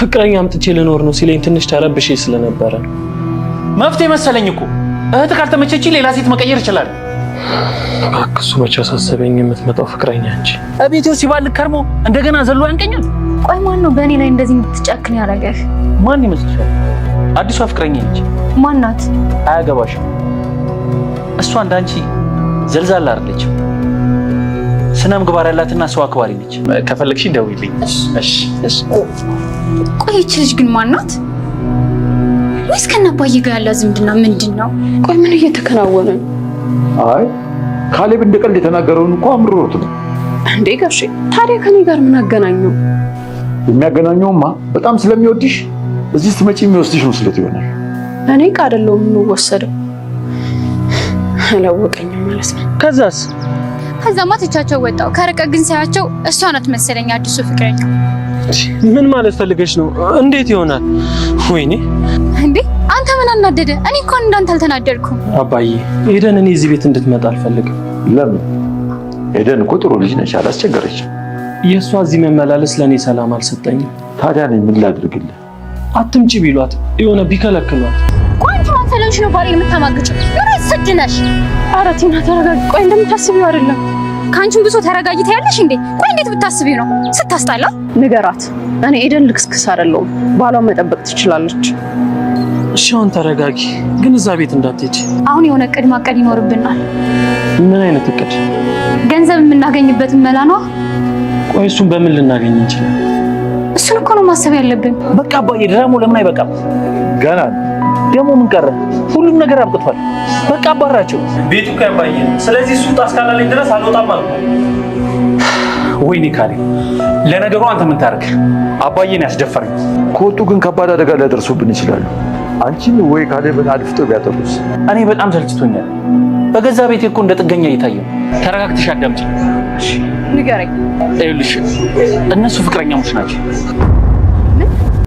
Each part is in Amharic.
ፍቅረኛ አምጥቼ ልኖር ነው ሲለኝ ትንሽ ተረብሼ ስለነበረ መፍትሄ መሰለኝ እኮ። እህት ካልተመቸች ሌላ ሴት መቀየር ይችላል። እባክህ እሱ መቼ አሳሰበኝ፣ የምትመጣው ፍቅረኛ እንጂ እቤት ሲባል ከርሞ እንደገና ዘሎ ያንቀኛል። ቆይ ማን ነው በእኔ ላይ እንደዚህ የምትጨክን ያደረገህ? ማን ይመስልሻል? አዲሷ ፍቅረኛ እንጂ ማናት? አያገባሽም። እሷ እንዳንቺ ዘልዛላ አርለች ስነ ምግባር ያላትና ሰው አክባሪ ነች። ከፈለግሽ ደውይልኝ። እሺ እሺ። ቆይ ይቺ ልጅ ግን ማናት? ወይስ ከነአባዬ ጋር ያላት ዝምድና ምንድን ነው? ቆይ ምን እየተከናወነ ነው? አይ ካሌብ እንደ ቀልድ የተናገረውን እኮ አምርሮት ነው እንዴ ጋሼ። ታዲያ ከኔ ጋር ምን አገናኘው? የሚያገናኘውማ በጣም ስለሚወድሽ እዚህ ስትመጪ የሚወስድሽ መስሎት ይሆናል። እኔ ዕቃ አይደለሁም የምወሰደው፣ አላወቀኝም ማለት ነው። ከዛስ? ከዛማ ትቻቸው ወጣው። ከርቀት ግን ሳያቸው እሷ ናት መሰለኝ አዲሱ ፍቅረኛው። ምን ማለት ፈልገሽ ነው? እንዴት ይሆናል? ወይኔ እንዴ! አንተ ምን አናደደ? እኔ እንኳን እንዳንተ አልተናደድኩም። አባዬ ሄደን እኔ እዚህ ቤት እንድትመጣ አልፈልግም። ለምን? ሄደን እኮ ጥሩ ልጅ ነች፣ አላስቸገረችም። የእሷ እዚህ መመላለስ ለእኔ ሰላም አልሰጠኝም። ታዲያ እኔ ምን ላድርግልህ? አትምጪ ቢሏት የሆነ ቢከለክሏት ቆንጆ አንተ ነው ባሪ የምታማግጭ ምን ስድነሽ? ኧረ ቲና ተረጋጊ። ቆይ እንደምታስቢው አይደለም ከአንቺም ብሶ ተረጋጊ ታያለሽ እንዴ? ቆይ እንዴት ብታስቢ ነው ስታስጣላ? ንገራት፣ እኔ ኤደን ልክስክስ አይደለሁም። ባሏን መጠበቅ ትችላለች። እሺ አሁን ተረጋጊ፣ ግን እዛ ቤት እንዳትሄጂ። አሁን የሆነ እቅድ ማቀድ ይኖርብናል። ምን አይነት እቅድ? ገንዘብ የምናገኝበትን መላ ነዋ። ቆይ እሱን በምን ልናገኝ እንችላለን? እሱን እኮ ነው ማሰብ ያለብን። በቃ አባዬ፣ ድራማው ለምን አይበቃም? ገና ደግሞ ምን ቀረ? ሁሉም ነገር አብቅቷል። በቃ አባራቸው። ቤቱ ከያባየ ስለዚህ እሱ ታስካላለኝ ድረስ አልወጣም አልኩ። ወይኔ ካሌ፣ ለነገሩ አንተ ምን ታርክ? አባዬን ያስደፈረኝ። ከወጡ ግን ከባድ አደጋ ሊያደርሱብን ይችላሉ። አንቺን ወይ ካሌብን አድፍጠው ቢያጠቁስ? እኔ በጣም ሰልችቶኛል። በገዛ ቤቴ እኮ እንደ ጥገኛ እየታየሁ። ተረጋግተሽ አዳምጪኝ ንገረኝ። ይኸውልሽ እነሱ ፍቅረኛሞች ናቸው።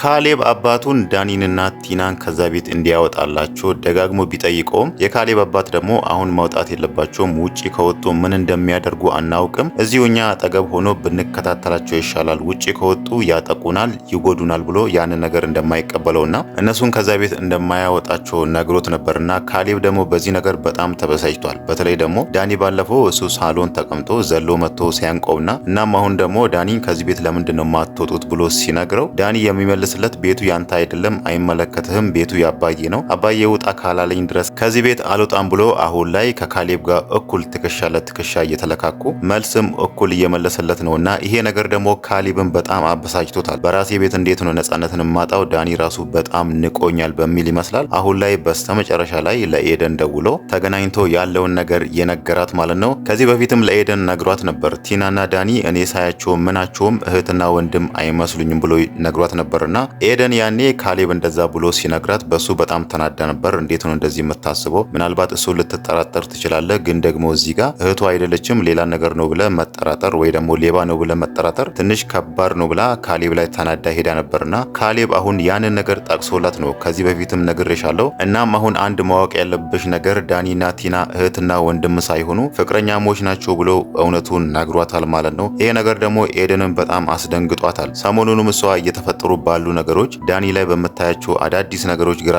ካሌብ አባቱን ዳኒንና ቲናን ከዛ ቤት እንዲያወጣላቸው ደጋግሞ ቢጠይቀውም የካሌብ አባት ደግሞ አሁን መውጣት የለባቸውም፣ ውጪ ከወጡ ምን እንደሚያደርጉ አናውቅም፣ እዚሁ እኛ አጠገብ ሆኖ ብንከታተላቸው ይሻላል፣ ውጪ ከወጡ ያጠቁናል፣ ይጎዱናል ብሎ ያንን ነገር እንደማይቀበለውና እነሱን ከዛ ቤት እንደማያወጣቸው ነግሮት ነበርና ካሌብ ደግሞ በዚህ ነገር በጣም ተበሳጭቷል። በተለይ ደግሞ ዳኒ ባለፈው እሱ ሳሎን ተቀምጦ ዘሎ መጥቶ ሲያንቀውና እናም አሁን ደግሞ ዳኒ ከዚህ ቤት ለምንድን ነው የማትወጡት ብሎ ሲነግረው ዳኒ የሚመልስ ስመልስለት ቤቱ ያንተ አይደለም፣ አይመለከትህም፣ ቤቱ ያባዬ ነው፣ አባዬ ውጣ ካላለኝ ድረስ ከዚህ ቤት አልወጣም ብሎ አሁን ላይ ከካሌብ ጋር እኩል ትከሻ ለትከሻ እየተለካኩ መልስም እኩል እየመለሰለት ነው። እና ይሄ ነገር ደግሞ ካሌብን በጣም አበሳጭቶታል። በራሴ ቤት እንዴት ነው ነፃነትን ማጣው? ዳኒ ራሱ በጣም ንቆኛል በሚል ይመስላል አሁን ላይ በስተመጨረሻ ላይ ለኤደን ደውሎ ተገናኝቶ ያለውን ነገር የነገራት ማለት ነው። ከዚህ በፊትም ለኤደን ነግሯት ነበር ቲናና ዳኒ እኔ ሳያቸው ምናቸውም እህትና ወንድም አይመስሉኝም ብሎ ነግሯት ነበርና ነበርና ኤደን ያኔ ካሌብ እንደዛ ብሎ ሲነግራት በሱ በጣም ተናዳ ነበር። እንዴት ነው እንደዚህ የምታስበው? ምናልባት እሱ ልትጠራጠር ትችላለህ፣ ግን ደግሞ እዚህ ጋር እህቱ አይደለችም ሌላ ነገር ነው ብለህ መጠራጠር ወይ ደግሞ ሌባ ነው ብለህ መጠራጠር ትንሽ ከባድ ነው ብላ ካሌብ ላይ ተናዳ ሄዳ ነበርና ካሌብ አሁን ያንን ነገር ጠቅሶላት ነው ከዚህ በፊትም ነግሬሻለሁ። እናም አሁን አንድ ማወቅ ያለብሽ ነገር ዳኒና ቲና እህትና ወንድም ሳይሆኑ ፍቅረኛሞች ናቸው ብሎ እውነቱን ነግሯታል ማለት ነው። ይሄ ነገር ደግሞ ኤደንን በጣም አስደንግጧታል። ሰሞኑንም እሷ እየተፈጠሩ ባሉ ያሉ ነገሮች ዳኒ ላይ በምታያቸው አዳዲስ ነገሮች ግራ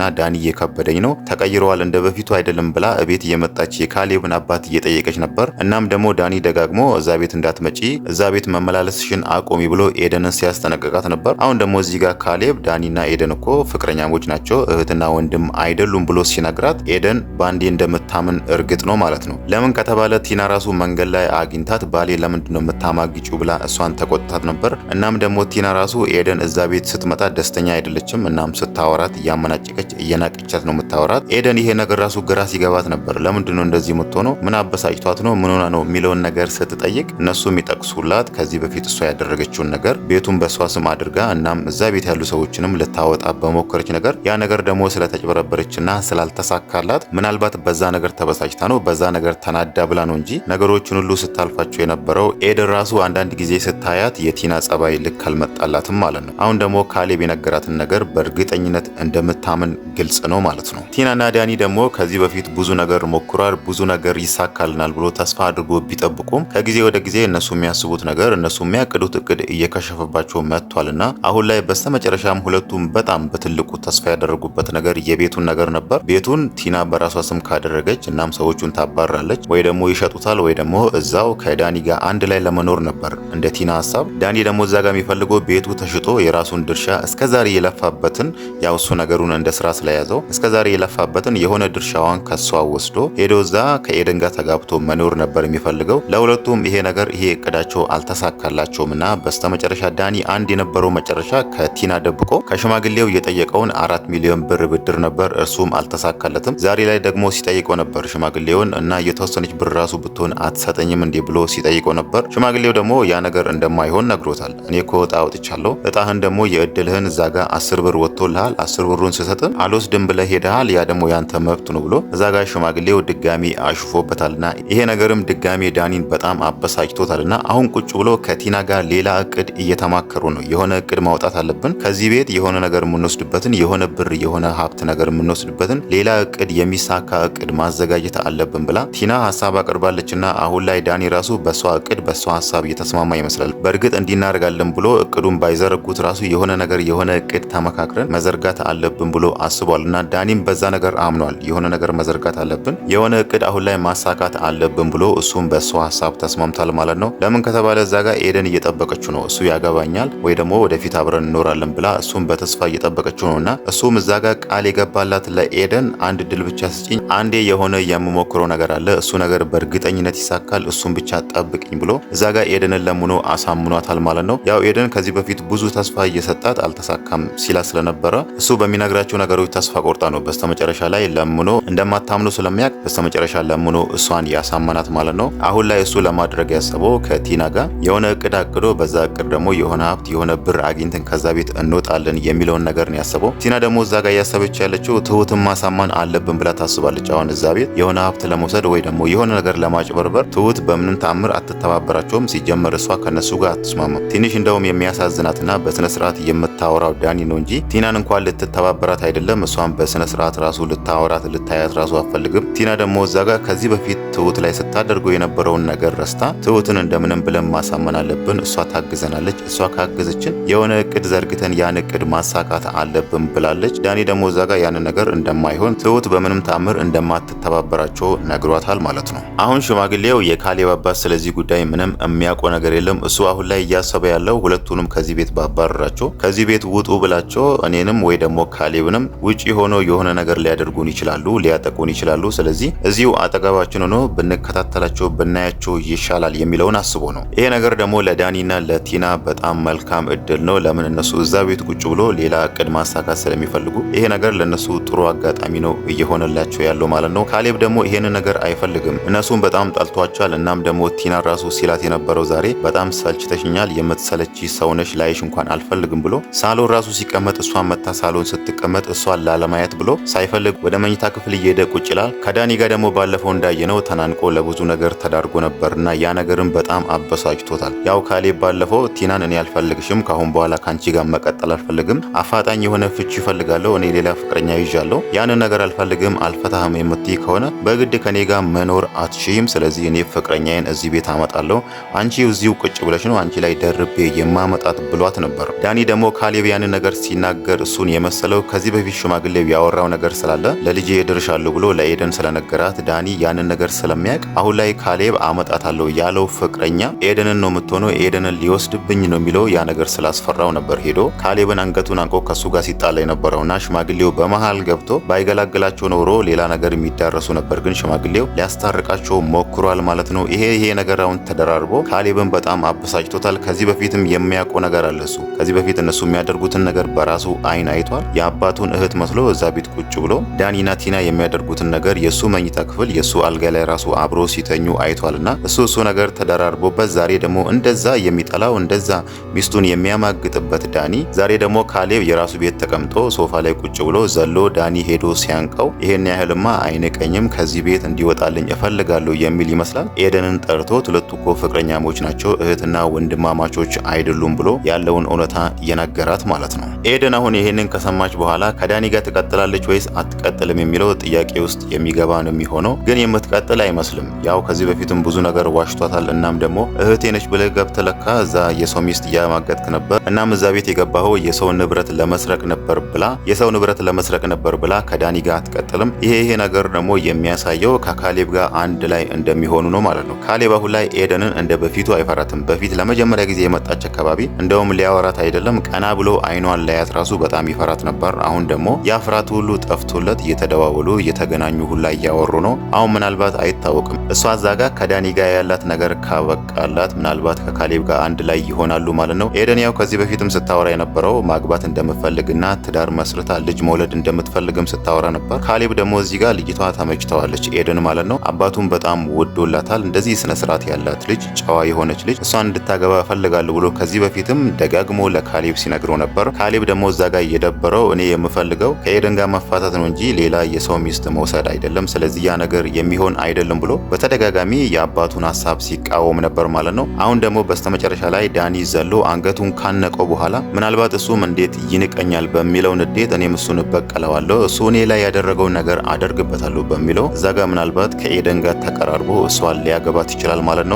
ና ዳኒ እየከበደኝ ነው ተቀይረዋል፣ እንደ በፊቱ አይደለም ብላ እቤት እየመጣች የካሌብን አባት እየጠየቀች ነበር። እናም ደግሞ ዳኒ ደጋግሞ እዛ ቤት እንዳትመጪ፣ እዛ ቤት መመላለስሽን አቆሚ ብሎ ኤደንን ሲያስጠነቀቃት ነበር። አሁን ደግሞ እዚህ ጋር ካሌብ ዳኒና ኤደን እኮ ፍቅረኛሞች ናቸው እህትና ወንድም አይደሉም ብሎ ሲነግራት ኤደን ባንዴ እንደምታምን እርግጥ ነው ማለት ነው። ለምን ከተባለ ቲና ራሱ መንገድ ላይ አግኝታት ባሌ ለምንድነው የምታማግጩ ብላ እሷን ተቆጥታት ነበር። እናም ደግሞ ቲና ራሱ ኤደን እዛ ቤት ስትመጣ ደስተኛ አይደለችም። እናም ስታወራት እያመናጨቀች እየናቀቻት ነው የምታወራት። ኤደን ይሄ ነገር ራሱ ግራ ሲገባት ነበር። ለምንድን ነው እንደዚህ የምትሆነው? ምን አበሳጭቷት ነው? ምን ሆና ነው የሚለውን ነገር ስትጠይቅ እነሱ የሚጠቅሱላት ከዚህ በፊት እሷ ያደረገችውን ነገር ቤቱን በእሷ ስም አድርጋ እናም እዛ ቤት ያሉ ሰዎችንም ልታወጣ በሞከረች ነገር ያ ነገር ደግሞ ስለተጭበረበረችና ስላልተሳካላት ምናልባት በዛ ነገር ተበሳጭታ ነው በዛ ነገር ተናዳ ብላ ነው እንጂ ነገሮችን ሁሉ ስታልፋቸው የነበረው ኤደን ራሱ አንዳንድ ጊዜ ስታያት የቲና ጸባይ ልክ አልመጣላትም ማለት ነው። አሁን ደግሞ ካሌብ የነገራትን ነገር በእርግጠኝነት እንደምታምን ግልጽ ነው ማለት ነው። ቲናና ዳኒ ደግሞ ከዚህ በፊት ብዙ ነገር ሞክሯል፣ ብዙ ነገር ይሳካልናል ብሎ ተስፋ አድርጎ ቢጠብቁም ከጊዜ ወደ ጊዜ እነሱ የሚያስቡት ነገር እነሱ የሚያቅዱት እቅድ እየከሸፈባቸው መጥቷልና አሁን ላይ በስተመጨረሻም ሁለቱም በጣም በትልቁ ተስፋ ያደረጉበት ነገር የቤቱን ነገር ነበር። ቤቱን ቲና በራሷ ስም ካደረገች እናም ሰዎቹን ታባራለች ወይ ደግሞ ይሸጡታል ወይ ደግሞ እዛው ከዳኒ ጋር አንድ ላይ ለመኖር ነበር እንደ ቲና ሀሳብ። ዳኒ ደግሞ እዛ ጋር የሚፈልገው ቤቱ ተሽጦ የራሱን ድርሻ እስከዛሬ የለፋበትን ያው እሱ ነገሩን እንደ ስራ ስለያዘው እስከዛሬ የለፋበትን የሆነ ድርሻዋን ከሷ ወስዶ ሄዶ እዛ ከኤደን ጋር ተጋብቶ መኖር ነበር የሚፈልገው። ለሁለቱም ይሄ ነገር ይሄ እቅዳቸው አልተሳካላቸውም እና በስተመጨረሻ ዳኒ አንድ የነበረው መጨረሻ ከቲና ደብቆ ከሽማግሌው የጠየቀውን አራት ሚሊዮን ብር ብድር ነበር። እርሱም አልተሳካለትም። ዛሬ ላይ ደግሞ ሲጠይቀው ነበር ሽማግሌውን እና የተወሰነች ብር ራሱ ብትሆን አትሰጠኝም እንዲህ ብሎ ሲጠይቀው ነበር። ሽማግሌው ደግሞ ያ ነገር እንደማይሆን ነግሮታል። እኔ እኮ እጣ አውጥቻለሁ እጣህ ሰጥተህን ደግሞ የእድልህን እዛ ጋር አስር ብር ወጥቶልሃል። አስር ብሩን ስሰጥ አልወስድም ብለህ ሄደሃል። ያ ደግሞ ያንተ መብት ነው ብሎ እዛ ሽማግሌው ድጋሚ አሽፎበታልና ይሄ ነገርም ድጋሚ ዳኒን በጣም አበሳጭቶታልና አሁን ቁጭ ብሎ ከቲና ጋር ሌላ እቅድ እየተማከሩ ነው። የሆነ እቅድ ማውጣት አለብን ከዚህ ቤት የሆነ ነገር የምንወስድበትን የሆነ ብር የሆነ ሀብት ነገር የምንወስድበትን ሌላ እቅድ የሚሳካ እቅድ ማዘጋጀት አለብን ብላ ቲና ሀሳብ አቅርባለችና አሁን ላይ ዳኒ ራሱ በሷ እቅድ በሷ ሀሳብ እየተስማማ ይመስላል። በእርግጥ እንዲናደርጋለን ብሎ እቅዱን ባይዘረጉት ራሱ የሆነ ነገር የሆነ እቅድ ተመካክረን መዘርጋት አለብን ብሎ አስቧል እና ዳኒም በዛ ነገር አምኗል። የሆነ ነገር መዘርጋት አለብን፣ የሆነ እቅድ አሁን ላይ ማሳካት አለብን ብሎ እሱም በእሱ ሀሳብ ተስማምቷል ማለት ነው። ለምን ከተባለ እዛ ጋር ኤደን እየጠበቀችው ነው። እሱ ያገባኛል ወይ ደግሞ ወደፊት አብረን እንኖራለን ብላ እሱም በተስፋ እየጠበቀችው ነው እና እሱም እዛ ጋር ቃል የገባላት ለኤደን አንድ ድል ብቻ ስጭኝ፣ አንዴ የሆነ የምሞክረው ነገር አለ፣ እሱ ነገር በእርግጠኝነት ይሳካል፣ እሱም ብቻ ጠብቅኝ ብሎ እዛ ጋር ኤደንን ለምኖ አሳምኗታል ማለት ነው። ያው ኤደን ከዚህ በፊት ብዙ ተስፋ እየሰጣት አልተሳካም ሲላ ስለነበረ እሱ በሚነግራቸው ነገሮች ተስፋ ቆርጣ ነው በስተመጨረሻ ላይ ለምኖ እንደማታምኑ ስለሚያውቅ በስተመጨረሻ ለምኖ እሷን ያሳመናት ማለት ነው። አሁን ላይ እሱ ለማድረግ ያሰበው ከቲና ጋር የሆነ እቅድ አቅዶ በዛ እቅድ ደግሞ የሆነ ሀብት የሆነ ብር አግኝተን ከዛ ቤት እንወጣለን የሚለውን ነገር ነው ያሰበው። ቲና ደግሞ እዛ ጋር እያሰበች ያለችው ትሁትን ማሳማን አለብን ብላ ታስባለች። አሁን እዛ ቤት የሆነ ሀብት ለመውሰድ ወይ ደግሞ የሆነ ነገር ለማጭበርበር ትሁት በምንም ተአምር አትተባበራቸውም። ሲጀመር እሷ ከነሱ ጋር አትስማማም። ትንሽ እንደውም የሚያሳዝናትና በ በስነ ስርዓት የምታወራው ዳኒ ነው እንጂ ቲናን እንኳን ልትተባበራት አይደለም። እሷን በስነ ስርዓት ራሱ ልታወራት ልታያት ራሱ አፈልግም። ቲና ደግሞ እዛ ጋር ከዚህ በፊት ትሁት ላይ ስታደርገው የነበረውን ነገር ረስታ ትሁትን እንደምንም ብለን ማሳመን አለብን። እሷ ታግዘናለች። እሷ ካገዘችን የሆነ እቅድ ዘርግተን ያን እቅድ ማሳካት አለብን ብላለች። ዳኒ ደግሞ እዛ ጋር ያንን ነገር እንደማይሆን ትሁት በምንም ታምር እንደማትተባበራቸው ነግሯታል ማለት ነው። አሁን ሽማግሌው የካሌብ አባት ስለዚህ ጉዳይ ምንም የሚያውቀው ነገር የለም። እሱ አሁን ላይ እያሰበ ያለው ሁለቱንም ከዚህ ቤት ባባ አባረራቸው። ከዚህ ቤት ውጡ ብላቸው እኔንም ወይ ደግሞ ካሌብንም ውጪ ሆኖ የሆነ ነገር ሊያደርጉን ይችላሉ፣ ሊያጠቁን ይችላሉ። ስለዚህ እዚሁ አጠገባችን ሆኖ ብንከታተላቸው ብናያቸው ይሻላል የሚለውን አስቦ ነው። ይሄ ነገር ደግሞ ለዳኒና ለቲና በጣም መልካም እድል ነው። ለምን እነሱ እዛ ቤት ቁጭ ብሎ ሌላ እቅድ ማሳካት ስለሚፈልጉ ይሄ ነገር ለእነሱ ጥሩ አጋጣሚ ነው እየሆነላቸው ያለው ማለት ነው። ካሌብ ደግሞ ይሄንን ነገር አይፈልግም። እነሱን በጣም ጠልቷቸዋል። እናም ደግሞ ቲና ራሱ ሲላት የነበረው ዛሬ በጣም ሰልችተሽኛል፣ የምትሰለች ሰውነሽ ላይሽ እንኳን አልፈልግም ብሎ ሳሎን ራሱ ሲቀመጥ እሷን መታ ሳሎን ስትቀመጥ እሷን ላለማየት ብሎ ሳይፈልግ ወደ መኝታ ክፍል እየሄደ ቁጭ ይላል። ከዳኒ ጋር ደግሞ ባለፈው እንዳየነው ተናንቆ ለብዙ ነገር ተዳርጎ ነበርና ያ ነገርም በጣም አበሳጭቶታል። ያው ካሌብ ባለፈው ቲናን እኔ አልፈልግሽም፣ ካሁን በኋላ ካንቺ ጋር መቀጠል አልፈልግም፣ አፋጣኝ የሆነ ፍቺ ይፈልጋለሁ፣ እኔ ሌላ ፍቅረኛ ይዣለሁ፣ ያንን ነገር አልፈልግም፣ አልፈታህም የምትይ ከሆነ በግድ ከኔ ጋር መኖር አትችይም። ስለዚህ እኔ ፍቅረኛዬን እዚህ ቤት አመጣለሁ፣ አንቺ እዚሁ ቁጭ ብለሽ ነው አንቺ ላይ ደርቤ የማመጣት ብሏት ነበር። ነበር። ዳኒ ደግሞ ካሌብ ያንን ነገር ሲናገር እሱን የመሰለው ከዚህ በፊት ሽማግሌው ያወራው ነገር ስላለ ለልጄ እደርሻለሁ ብሎ ለኤደን ስለነገራት ዳኒ ያንን ነገር ስለሚያውቅ አሁን ላይ ካሌብ አመጣታለሁ ያለው ፍቅረኛ ኤደንን ነው የምትሆነው፣ ኤደንን ሊወስድብኝ ነው የሚለው ያ ነገር ስላስፈራው ነበር ሄዶ ካሌብን አንገቱን አንቆ ከሱ ጋር ሲጣላ የነበረውና ሽማግሌው በመሃል ገብቶ ባይገላግላቸው ኖሮ ሌላ ነገር የሚዳረሱ ነበር። ግን ሽማግሌው ሊያስታርቃቸው ሞክሯል ማለት ነው። ይሄ ይሄ ነገር አሁን ተደራርቦ ካሌብን በጣም አበሳጭቶታል። ከዚህ በፊትም የሚያውቀው ነገር አለ እሱ ከዚህ በፊት እነሱ የሚያደርጉትን ነገር በራሱ አይን አይቷል። የአባቱን እህት መስሎ እዛ ቤት ቁጭ ብሎ ዳኒና ቲና የሚያደርጉትን ነገር የእሱ መኝታ ክፍል የእሱ አልጋ ላይ ራሱ አብሮ ሲተኙ አይቷልና እሱ እሱ ነገር ተደራርቦበት ዛሬ ደግሞ እንደዛ የሚጠላው እንደዛ ሚስቱን የሚያማግጥበት ዳኒ ዛሬ ደግሞ ካሌብ የራሱ ቤት ተቀምጦ ሶፋ ላይ ቁጭ ብሎ ዘሎ ዳኒ ሄዶ ሲያንቀው ይሄን ያህልማ አይንቀኝም ከዚህ ቤት እንዲወጣልኝ እፈልጋለሁ የሚል ይመስላል። ኤደንን ጠርቶ ሁለቱ እኮ ፍቅረኛሞች ናቸው እህትና ወንድማማቾች አይደሉም ብሎ ያለውን ውለታ እየነገራት ማለት ነው። ኤደን አሁን ይህንን ከሰማች በኋላ ከዳኒ ጋር ትቀጥላለች ወይስ አትቀጥልም የሚለው ጥያቄ ውስጥ የሚገባ ነው የሚሆነው። ግን የምትቀጥል አይመስልም። ያው ከዚህ በፊትም ብዙ ነገር ዋሽቷታል። እናም ደግሞ እህቴ ነች ብለህ ገብተህ ለካ እዛ የሰው ሚስት እያማገጥክ ነበር፣ እናም እዛ ቤት የገባኸው የሰው ንብረት ለመስረቅ ነበር ብላ የሰው ንብረት ለመስረቅ ነበር ብላ ከዳኒ ጋር አትቀጥልም። ይሄ ይሄ ነገር ደግሞ የሚያሳየው ከካሌብ ጋር አንድ ላይ እንደሚሆኑ ነው ማለት ነው። ካሌብ አሁን ላይ ኤደንን እንደ በፊቱ አይፈራትም። በፊት ለመጀመሪያ ጊዜ የመጣች አካባቢ እንደውም ሊያወራ መፍራት አይደለም ቀና ብሎ አይኗን ላያት ራሱ በጣም ይፈራት ነበር። አሁን ደግሞ ያ ፍርሃቱ ሁሉ ጠፍቶለት እየተደዋወሉ እየተገናኙ ሁላ እያወሩ ነው። አሁን ምናልባት አይታወቅም እሷ እዛ ጋር ከዳኒ ጋር ያላት ነገር ካበቃላት ምናልባት ከካሌብ ጋር አንድ ላይ ይሆናሉ ማለት ነው። ኤደን ያው ከዚህ በፊትም ስታወራ የነበረው ማግባት እንደምትፈልግና ትዳር መስርታ ልጅ መውለድ እንደምትፈልግም ስታወራ ነበር። ካሌብ ደግሞ እዚህ ጋር ልጅቷ ተመችተዋለች ኤደን ማለት ነው። አባቱን በጣም ወዶላታል። እንደዚህ ስነስርዓት ያላት ልጅ፣ ጨዋ የሆነች ልጅ እሷን እንድታገባ እፈልጋለሁ ብሎ ከዚህ በፊትም ደጋግ ደግሞ ለካሌብ ሲነግረው ነበር። ካሌብ ደግሞ እዛ ጋር እየደበረው እኔ የምፈልገው ከኤደን ጋር መፋታት ነው እንጂ ሌላ የሰው ሚስት መውሰድ አይደለም፣ ስለዚህ ያ ነገር የሚሆን አይደለም ብሎ በተደጋጋሚ የአባቱን ሀሳብ ሲቃወም ነበር ማለት ነው። አሁን ደግሞ በስተመጨረሻ ላይ ዳኒ ዘሎ አንገቱን ካነቀው በኋላ ምናልባት እሱም እንዴት ይንቀኛል በሚለው ንዴት እኔም እሱን እበቀለዋለሁ፣ እሱ እኔ ላይ ያደረገውን ነገር አደርግበታለሁ በሚለው እዛ ጋር ምናልባት ከኤደን ጋር ተቀራርቦ እሷን ሊያገባት ይችላል ማለት ነው።